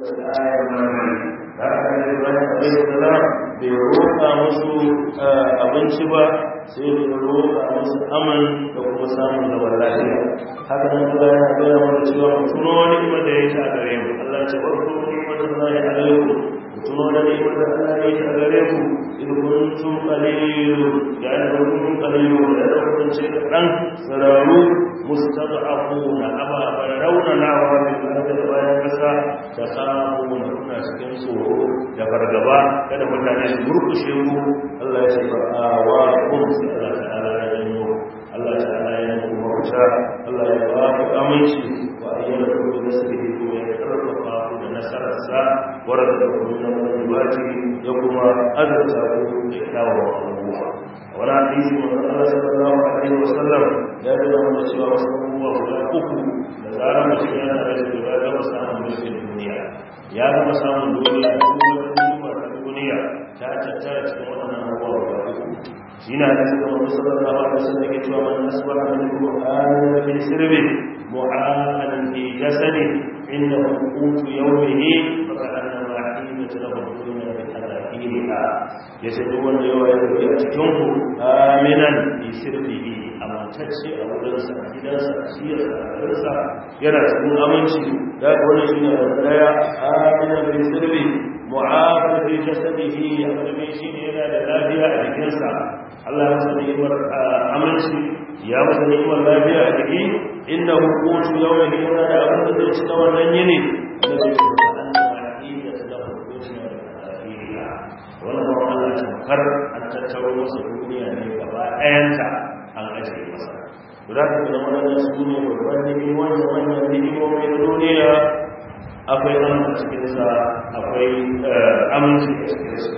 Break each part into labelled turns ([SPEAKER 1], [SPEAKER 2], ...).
[SPEAKER 1] bai roƙa masu abinci ba sai bai roƙa masu aman da kuma samun da wallahi haka nan kuma ya gaya mana cewa kuma wani kuma da ya sha gare mu Allah ce wa kuma wani kuma ya alaikum tuno da ne Allah ya a gare ku in kuntum qalilun ya da sararu mustad'afuna na wa min bayan kasa ta cikin tsoro da fargaba kada mutane su murkushe mu Allah ya Allah ya Allah ya ba ku aminci wa ayyana ku da matasa wa razaqahu min tayyibati da kuma azza ku da kyawawan abubuwa a wani hadisi manzon Allah sallallahu alaihi wa sallam ya nuna mana cewa wasu abubuwa guda uku da zarar mutum yana da rashin guda da wasu samun duniya ya zama samun duniya ko duniya ta tattara cikin wannan abubuwa guda uku shi na da cikin wani sallallahu وسلم يتوى من أصبح من القرآن في سربه معانا في جسده عنده قوت يومه فكأنما عينت له الدنيا بحذاكيرها يسدون يوم يأتكم آمنا في سربه amintacce a wurinsa a gidansa a siyarsa a garinsa yana cikin aminci da wani shi ne da daya a ina bai sirri mu'afar fi jasadihi ya zama shi ne yana da lafiya a jikinsa Allah ya masa ni'imar aminci ya masa ni'imar lafiya a jiki inna hukutu yawon da yana da abin da zai ci na wannan yini da zai ci wannan ba Allah tamkar an tattaro masa duniya ne gaba ɗayanta an ajiye masa. Guda ta zama wannan su ne babban nemi wannan wannan nemi duniya akwai wani cikinsa akwai eh, aminci a cikinsa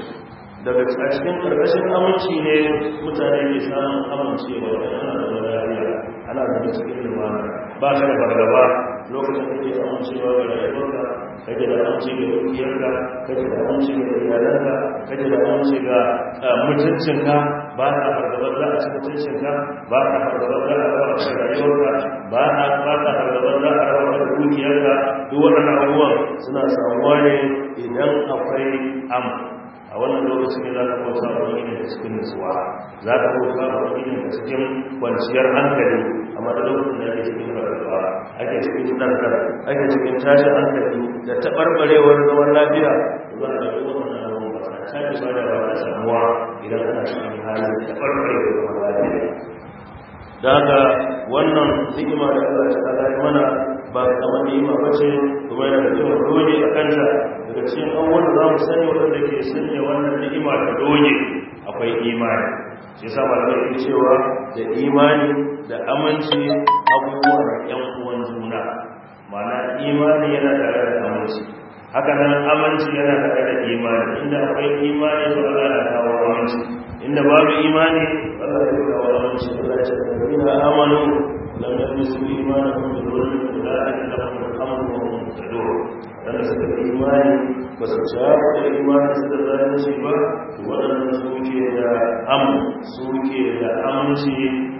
[SPEAKER 1] daga cikin ƙarƙashin aminci ne mutane ne samun amincewa ana da wadariya ana da cikin lumana ba ka da fargaba lokacin da ke amincewa ga rayuwarka kake da amince ga dukiyarka kake da aminci ga iyalanka kake da amince ga eh, mutuncinka ba ka fargaba za a ci mutuncinka ba ka fargaba za a rawa a rayuwarka ba ka fargaba za a rawa a dukiyarka duk waɗannan abubuwan suna samuwa ne idan akwai amma a wannan lokacin ne za ka a wani ne da cikin nutsuwa za ka a wani ne da cikin kwanciyar hankali amma da lokacin da ake cikin rarrabuwa ake cikin ɗanɗan ake cikin tashi hankali da taɓarɓarewar zaman lafiya za a ɗauki na abin ba a sake ba da ba a samuwa idan ana cikin halin taɓarɓarewar zaman lafiya da haka wannan hikima da ta ya mana ba kamar ni'ima ba ce kuma yana da kyau doge a kanta daga cikin abubuwan da za mu sani waɗanda ke sanya wannan ni'ima da doge akwai imani shi yasa malamai ke cewa da imani da aminci abubuwan yan uwan juna ma'ana imani yana tare da aminci haka nan aminci yana da da imani inda akwai imani to Allah ya kawo aminci inda babu imani Allah ya يزكي إيمانهم بذنوب أولئك لهم الأمن وهم da imani ba su shafa da imani su da zalunci ba waɗannan suke da am suke da aminci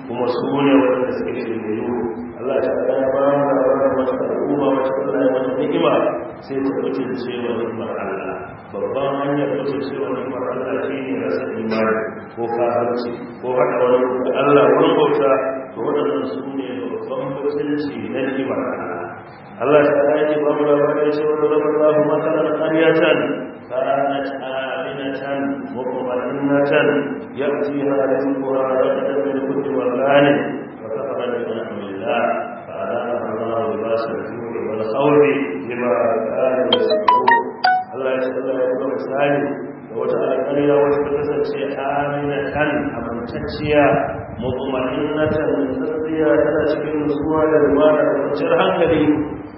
[SPEAKER 1] kuma su ne waɗanda suke da dalilu Allah ta ga ya ba mu da wata al'umma wacce Allah ya ni'ima sai ta mutu da cewa ni'imar Allah babban hanyar mutu cewa ni'imar Allah shine rasa imani ko kafirci ko hada wani da Allah wani bauta to waɗannan su ne babban mutunci na ni'ima Allah Allah ta ya ce babu labarai shi wanda zama babu matsalar ƙaryatan kanat aminatan wa qumalinatan yatiha rizquha ragadan min kulli walanin wa kafara bi anamillah fa alama Allah libas al-juu' da khawf da kanu yasqun Allah ya tsara ya ga misali da wata alƙarya wacce ta kasance aminatan amintacciya mutmainatan tsariya tana cikin nutsuwa da lumana da kwanciyar hankali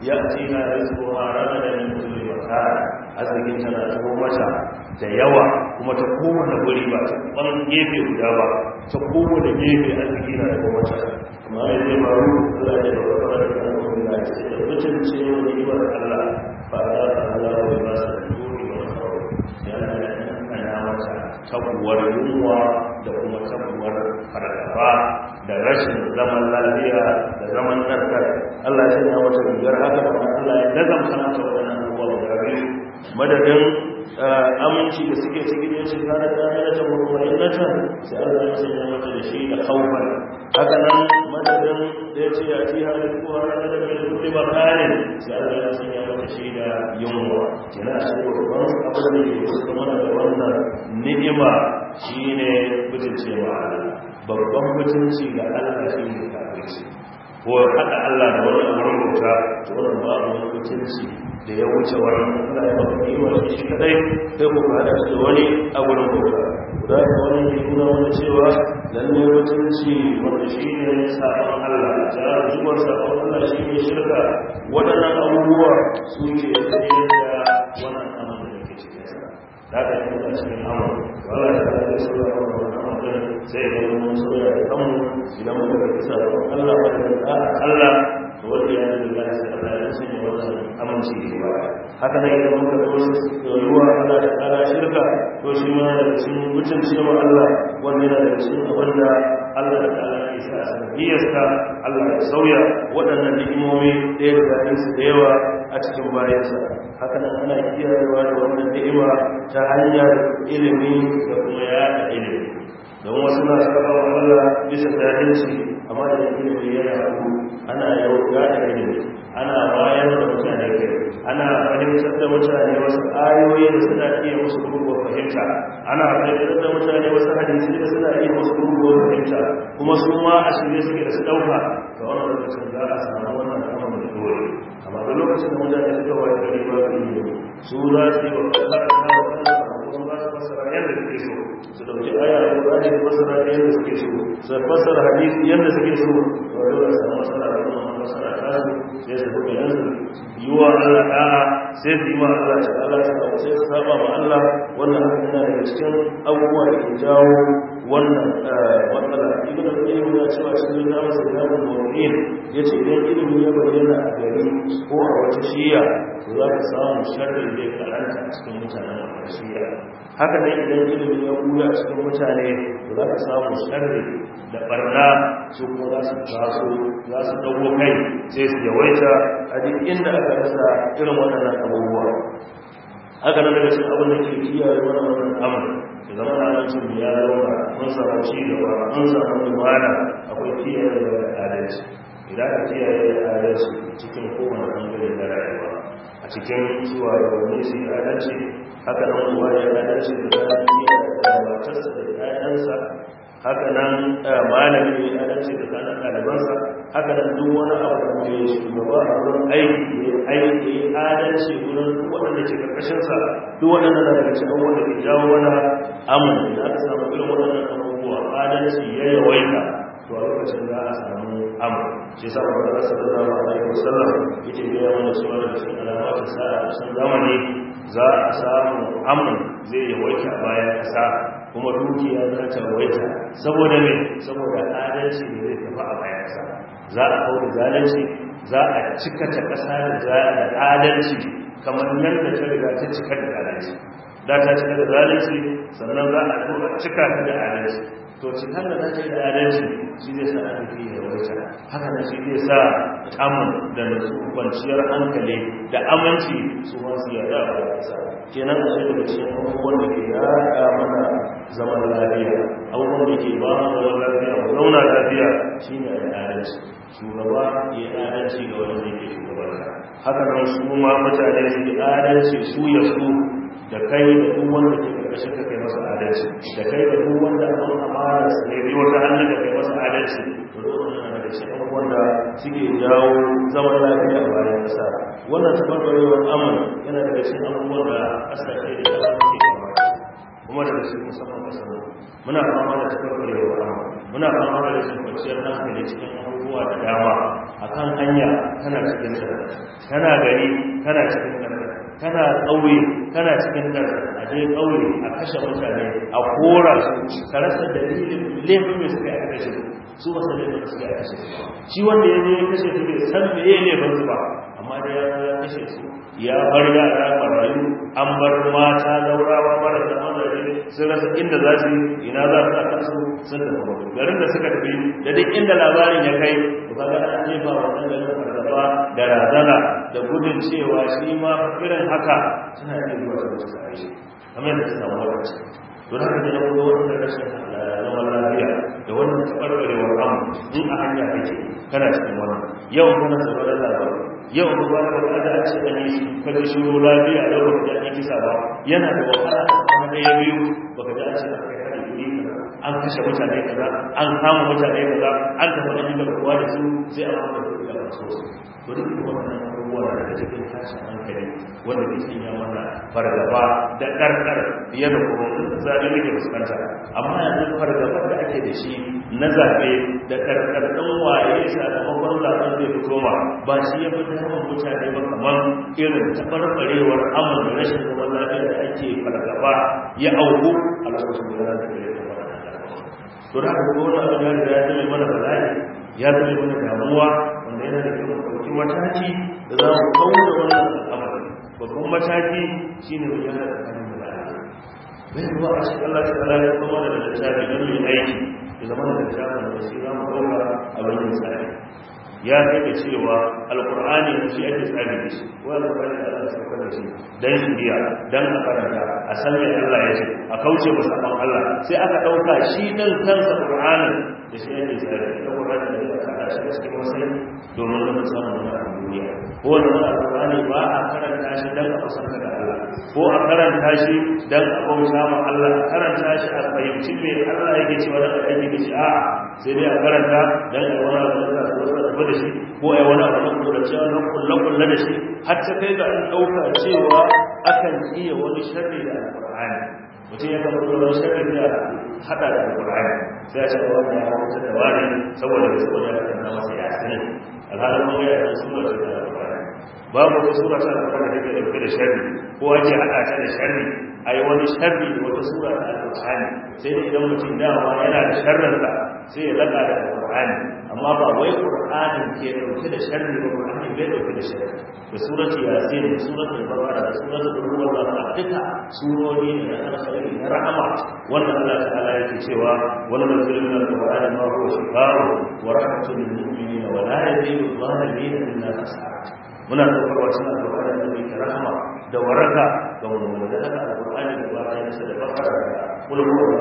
[SPEAKER 1] yaqtina rizquha ramadan min kulli makan arzikin tana taho mata da yawa kuma ta da guri ba ta ban gefe guda ba ta kowane gefe arziki na taho mata amma ne zai Allah ya da kan mutum da ce da mutum ce Allah da Allah ya ba sa ana mata tabuwar yunwa da kuma tabuwar fargaba da rashin zaman lafiya da zaman karkar Allah ya sanya wata rigar haka kuma Allah ya nazamta ta wannan abubuwa da biyu madadin eh, aminci da suke cikin yin shi kana da da ta wurin ta, sai Allah ya sanya mata da shi da haufar haka nan madadin da ya ce ya ci hali ko har da da kuɗi ba kare sai Allah ya sanya mata shi da yunwa kina shi babban abin da ya kusa mana da wannan ni'ima shine bijin cewa Allah babban mutunci ga Allah shi ne kafirci ko haɗa Allah da wani wurin bauta to wannan babu wani mutunci da ya wuce wannan Allah ya baka yi wani shi kadai sai ku haɗa shi da wani a wurin bauta da ka wani ne nuna wani cewa lalle mutunci wanda shi ne sabon Allah ta zuwar sabon Allah shi ne shirka Wannan abubuwa su ne da wannan amana da ke cikin sa da ka yi mutunci ne amana wala ta da sauran sai da mun soya da kanmu idan mun da kisa da Allah wa da Allah to wanda ya da Allah sai Allah ya sanya wannan aminci da ba haka nan idan mun da wasu ruwa Allah da kara shirka to shi ma da cikin mutunci wa Allah wanda yana da cikin wanda Allah da kara ya sa sanadiyarsa Allah ya sauya waɗannan ni'imomi ɗaya da ɗayan su da yawa a cikin bayansa haka nan ana kiyayewa da wannan ni'ima ta hanyar ilimi da kuma yaɗa ilimi don wasu na saba Allah bisa jahilci amma da ilimi ya yaku ana yauka da ilimi ana bayar da mutane kai ana fahimtar da mutane wasu ayoyi da suna iya musu gurguwar fahimta ana fahimtar da mutane wasu hadisi da suna iya musu gurguwar fahimta kuma su ma a shirye suke da su dauka ga wannan lokacin za a samu wannan kama da dole amma da lokacin da mutane suka wayar da ba su yi su za su yi wa kuma za su yadda suke so su dauki aya da Qur'ani su fassara yadda suke so su fassara hadisi yadda suke so to dole su samu matsala da kuma matsala ta su sai su buga Allah da'a sai su yi ma Allah shi Allah shi ba sai su saba ma Allah wannan abin da daga cikin abubuwa da ke jawo wannan eh, matsala ibn al-qayyim ya ce cikin namu sai na mu mu'min yace idan ilimi ya bayyana a gari ko a wata shiya to za ka samu sharri da karanta cikin mutanen wannan shiya haka dai idan ilimi ya buya cikin mutane to za ka samu sharri da barna su kuma za su taso za su dago kai sai su yawaita a duk inda aka rasa irin waɗannan abubuwa haka nan daga cikin abin da ke kiyaye mana wannan al'amari da zama na alancin mu ya zama mun zama ci gaba mun zama lumana akwai kiyaye da adalci idan ka kiyaye da adalci cikin kowane bangare na rayuwa a cikin zuwa yawon su yi adalci haka nan uwa ya adalci da za a iya da matarsa da 'ya'yansa haka nan eh, malami ya dace da kana ɗalibansa haka nan duk wani abu da ya shugaba a wurin aiki ya aiki ya adalci wurin duk waɗanda ke ƙarƙashinsa duk waɗanda na daga cikin wanda ke jawo wani amon da aka samu irin waɗannan abubuwa adalci ya yawaita to a lokacin za a samu amon shi sa wani rasa da zama a yau sallam yake biya mana suwa da cikin alama ta sa'a a cikin zamani za a samu amon zai yawaita bayan ƙasa kuma ruki ya ta waita saboda ne saboda adalci ne zai tafi a bayansa za a kawo zalunci za a cika ta ƙasa da adalci kamar yadda ta riga ta cika da adalci da ta cika da zalunci sannan za a tura cika da adalci to cikan da take da adalci shi zai sa fi da wata haka nan shi zai sa amin da kwanciyar hankali da aminci su ma su yarda a kasa kenan a cikin da cikin abubuwan da ke yaɗa mana zaman lafiya abubuwan da ke ba mu zaman lafiya mu zauna lafiya shine adalci shugaba ya adalci ga wanda ke shugaba haka nan su ma mutane su adalci su ya su da kai da duk wanda ke karkashin ka kai masa adalci da kai da duk wanda a zama da su ne wata hannun ka kai masa adalci da duk wanda na da shi abubuwan da suke jawo zaman lafiya a bayan ƙasa wannan tabbatarwar amur yana daga cikin abubuwan da ƙasashe da ƙasa ke kama kuma daga cikin musamman ƙasar muna fama da tabbatarwar amur muna fama da rashin kwanciyar hankali cikin abubuwa da dama akan hanya tana cikin tsara tana gari tana cikin tsara tana ƙauye kana cikin nan a je ƙauye a kashe mutane a kora su ka rasa dalilin laifin mai suka a kashe su ba san laifin suka aka kashe shi wanda ya je ya kashe su bai san me ne ban su ba amma da ya kashe su ya bar yara marayu an bar mata laurawa mara da aure sun rasa inda za su ina za su aka su sun da kuma garin da suka tafi da duk inda labarin ya kai ba ga an jefa wannan garin fargaba da razana da gudun cewa shi ma irin haka suna yin wa da kamar ne ya kuma zaman lafiya da wannan taɓarɓarewar amu in a hanya kake kana cikin wannan yau kana tsoron yau da ba da wani da ce an yi kada shi lafiya da wani da ake ba yana da wahala a kuma ɗaya biyu baka da kuɗi an kashe mutane kaza an kama mutane kaza an tafi an yi garkuwa da su sai an haɗa kuɗi a wasu to duk da wannan abubuwa da cikin tashin hankali wanda ke sanya mana fargaba da ƙarƙar fiye da kuma zaɓe muke fuskanta amma yanzu fargabar da ake da shi na zaɓe da ƙarƙar ɗan waye sakamakon zaɓe zai fi koma ba shi ya mutane ba kamar irin tabarbarewar amma da rashin zaman lafiya da ake fargaba ya auku a lokacin da za ta kare to da haka ya zama mana ya zama mana da kyau da za mu wannan da a cikin Allah ta ya zama da don yin da zama da littafi da wasu mu ya kai cewa alqur'ani shi ake tsari da shi wa alqur'ani da Allah sauka da shi dan biya dan a karanta a san me Allah ya ce a kauce ba sabon Allah sai aka dauka shi dan kansa qur'ani da shi ake tsari da qur'ani da aka kada shi cikin wasai domin da mun samu na duniya ko wanda alqur'ani ba a karanta shi dan a kusantar da Allah ko a karanta shi dan a kauce ma Allah a karanta shi a fahimci me Allah yake cewa da aiki da shi a'a sai dai a karanta dan a wani abu da shi ko a wani abu burace-burace na kulle-kulle da shi har ta kai ga an ɗauka cewa akan iya wani sharri da alƙur'ani mutum ya kama tsoron sharri da haɗa da alƙur'ani sai a cewa wani ya da wani saboda da saboda ya kan nama sai ya sanin alhalin mun ya sura da alƙur'ani babu wata sura ta alƙur'ani da ɗauke da sharri ko ake haɗa ta da sharri a yi wani sharri da wata sura da alƙur'ani sai idan mutum dama yana da sharrinsa sai ya laƙa da alƙur'ani amma ba wai qur'anin ke dauke da sharri ba qur'anin bai dauke da sharri da surati yasin da surati al da surati al-rumul da duka surori ne na alkhairi na rahama wannan Allah ta'ala yake cewa wannan nazilna al-qur'ana ma huwa shifaa'un wa rahmatun lil mu'minina wa la yazidu dhalimin illa khasara muna wasu cikin alƙur'ani da mai rahama da waraka ga mu da aka alƙur'ani da ba ta nasa da bakara da kulmur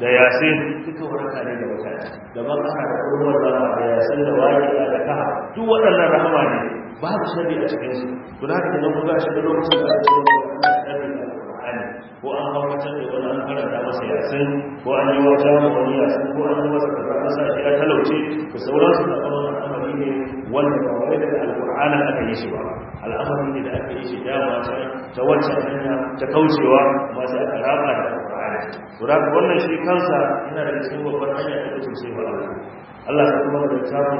[SPEAKER 1] da yasin duka waraka ne da mutane da bakara da kulmur da yasin da wajiya da kaha duk waɗannan rahama ne babu shari a cikin su to da haka mun ga shi da lokacin da ake cikin alƙur'ani ko an hau kawatar da wani an karanta masa yasin ko an yi wata wani yasin ko an yi masa kaza an sa shi ya talauce da sauransu da kuma wai daga aka yi shi ba al'amarin da aka yi shi dama ta ta wacce hanya ta kaucewa amma sai aka raba da alƙur'ana to da wannan shi kansa yana da cikin babban ta kauce wa Allah Allah ta kuma da tsarin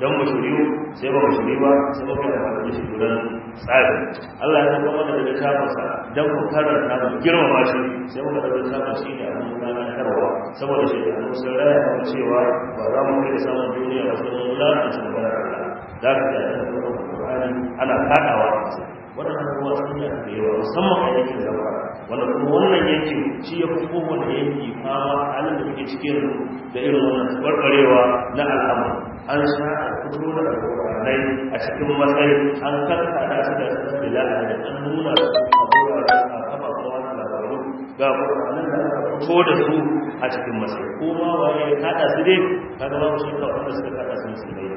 [SPEAKER 1] don dan sai ba ba sai ba da shi gurin tsari Allah ya kuma da da tsarin sa dan shi sai da shi ne saboda shi da musulmai cewa ba za mu kai samun duniya ba sai Allah za ka ga yana zuwa Qur'ani ana fadawa a cikin wadannan ruwa sun yi da yawa musamman a yankin Zamfara wanda kuma wannan yanki shi ya fi kowane yanki fama halin da muke cikin da irin wannan barbarewa na al'amari an sha a fito da Qur'anai a cikin matsayi an karka da su da bilal da an nuna da su a kafafen labarun, ga Qur'anin da aka fito da su a cikin masu ko ma waye ya kada su dai kaga babu shi kawai wanda suka kada su su dai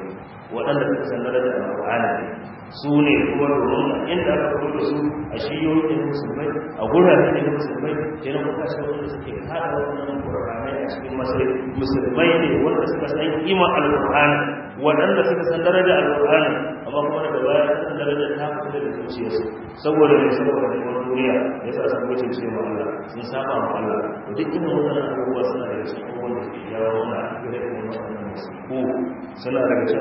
[SPEAKER 1] waɗanda suka san da da alƙur'ani su ne kuma domin inda aka fito su a shiyoyi da musulmai a gurare da musulmai na kuma shi wanda suke kada wannan alƙur'ani a cikin masu musulmai ne wanda suka san kima alƙur'ani waɗanda suka san daraja alƙur'ani amma kuma da bayan san daraja ta fito da zuciyarsu saboda ne saboda ne duniya yasa sun wuce cewa Allah sun saba Allah duk ina wannan abubuwa suna daga cikin wanda ke jawo na suna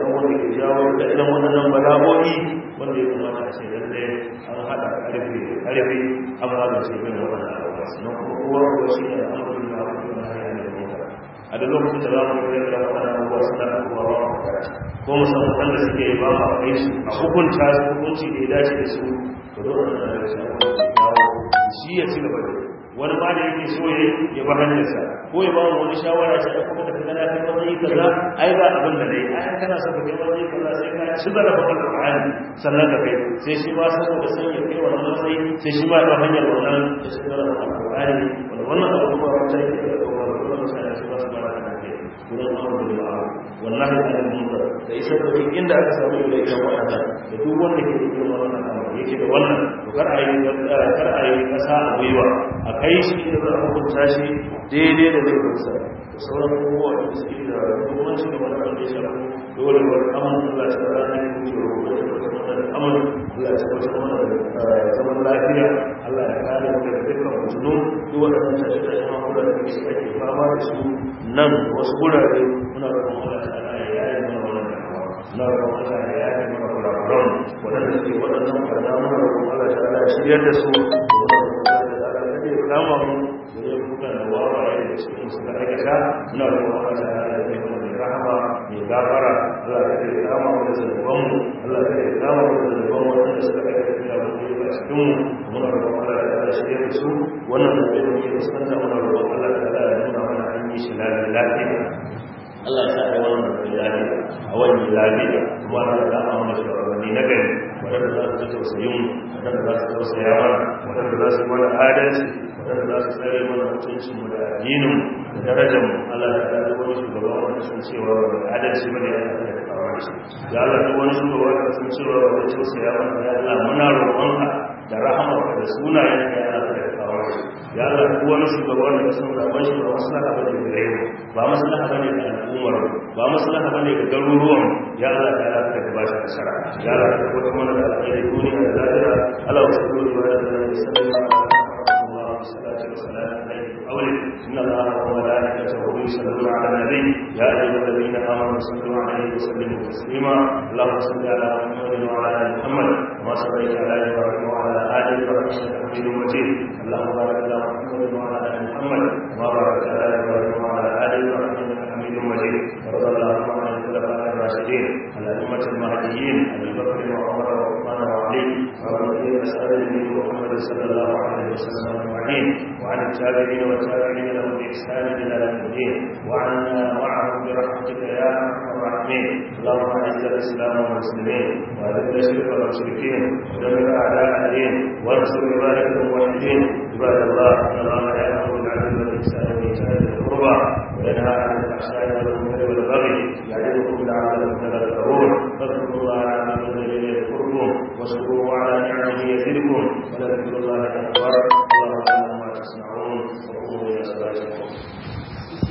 [SPEAKER 1] wanda ke jawo da irin wannan bala'o'i wanda ya kamata a ce lalle an haɗa ƙarfi da ƙarfi an wannan abubuwa na kuma kowa kuwa shi ne al'amarin da aka yi da mota a da lokacin da za mu yi irin wannan abubuwa suna da kuma ba ko musamman wanda suke ba mu a kai su a hukunta hukunci da ya dace da su to dole na da shi ya ci gaba da wani ba da yake so ya ya ba hanyarsa ko ya ba wani shawara ce da kuma ka kana kan wani kaza ai ba abin da dai ai kana so ka kai wani kaza sai ka ci da ba ka Qur'ani sannan ka kai sai shi ba saboda sai ya kai wannan matsayi sai shi ba ta hanyar wannan da shi ba da Qur'ani wannan abu kuma wanda yake da wannan sai ya ba su da kai kuma Allah da ba'a wallahi da aljiba da isa da duk inda aka samu yau da ita wannan da duk wanda ke cikin wannan al'amari yake da wannan to kar a yi kar a yi kasa a gwiwa a kai shi da za a hukunta shi daidai da zai kusa to sauran kowa da suke da shi da wani abu da ya shafi dole wa aman Allah ta rana ne ku ce wa aman Allah ta wata wani zaman lafiya Allah ya kare mu daga dukkan mutum duk wanda ta shi da kuma kula da shi ake fama da su nan wasu wurare muna roƙon Allah ya mana ya ya da su muna roƙon Allah ta ala ya kama mu da kuka da da su ya mu da a su wannan da ya yi shi lafiya Allah ya sa wannan lafiya a wannan lafiya kuma Allah ya ba mu shawarwani na gari wadanda za su tausayin wadanda za su tausaya mana wadanda za su mana adalci wadanda za su tsare mana mutuncin mu da addinin da darajar mu Allah ya sa wani shugaba wanda sun cewa wani adalci ba bane ya da kawo shi ya Allah duk wani shugaba wanda sun cewa wani tausaya mana ya Allah muna roƙonka da rahama da sunayen ya Allah ya Allah duk wani shugaba wanda ka san zaben shi ba maslaha bane ga gare ba maslaha bane ga al'ummar ba maslaha bane ga garuruwan ya Allah ta Allah ka ba shi nasara ya Allah ka ta mana da alheri duniya da lahira Allah ya shukuru da wannan sallallahu alaihi wasallam إن الله وملائكته يصلون على النبي يا أيها الذين آمنوا صلوا عليه وسلموا تسليما اللهم صل على محمد وعلى آل محمد كما صليت على إبراهيم وعلى وعلى آله وصحبه حميد مجيد اللهم بارك على محمد وعلى آل محمد وبارك على إبراهيم وعلى آل إبراهيم حميد مجيد ورضى اللهم عن الخلفاء الراشدين على أمة المهديين أبي بكر وعمر وعثمان وعلي وعلى الذين أصحابه محمد صلى الله عليه وسلم أجمعين وعن التابعين والتابعين لهم بإحسان إلى يوم الدين وعنا معهم برحمتك يا أرحم الراحمين اللهم أعز الإسلام والمسلمين وأذل الشرك والمشركين ودمر أعداء الدين العالمين وانصر عبادك الموحدين عباد الله ان الله يامر العدل والاحسان وايتاء القربى وينهى عن الفحشاء والمنكر والبغي يعدكم لعلكم تذكرون فاذكروا الله على من الذي يذكركم واشكروه على نعمه يزدكم ولذكر الله اكبر الله اعلم ما تصنعون وقوموا الى صلاتكم